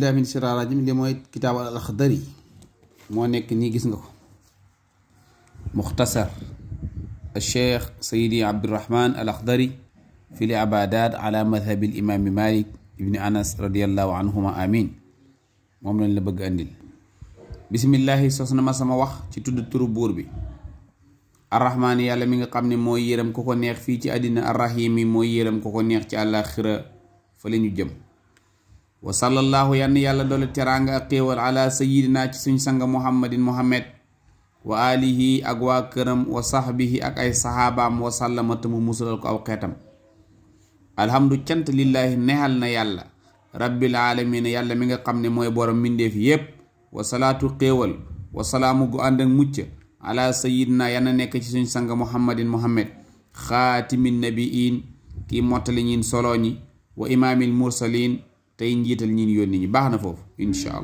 billahi min sirra rajim li mooy kitaab al axdari moo nekk nii gis nga ko muxtasar alcheikh sayidi abdirahman al axdari fi li abadat ala madhabi al imami malik ibni anas radiallahu anhuma amin moom lañ la bëgg andil bisimillahi sos na ma sama wax ci tudd turu buur bi arrahmaan yàlla mi nga xam ne mooy yërëm ko ko neex fii ci àddina arrahim yi mooy yërëm ko ko neex ci àllaaxira fa la ñu jëm wa sallallahu yann yàlla doole teraanga a xéewal ala sayidina ci suñ sanga muhammadin muhammad wa alihi ak waa wa sahbihi ak ay saxaabaam wa sallamata mu musalal ko aw xeetam alhamdu cant lillahi neexal na yàlla rabbil alamina yàlla mi nga xam ne mooy borom mbindeef yépp wa salaatu xéewal wa salaamu gu ànd ak mucc ala sayidina yann nekk ci suñ sanga muhammadin muhammad xaatimin nabiin kii mottali ñiin soloo wa imaamil mursaliin tey njiital ñi ñu yónni ñi baax na foofu incha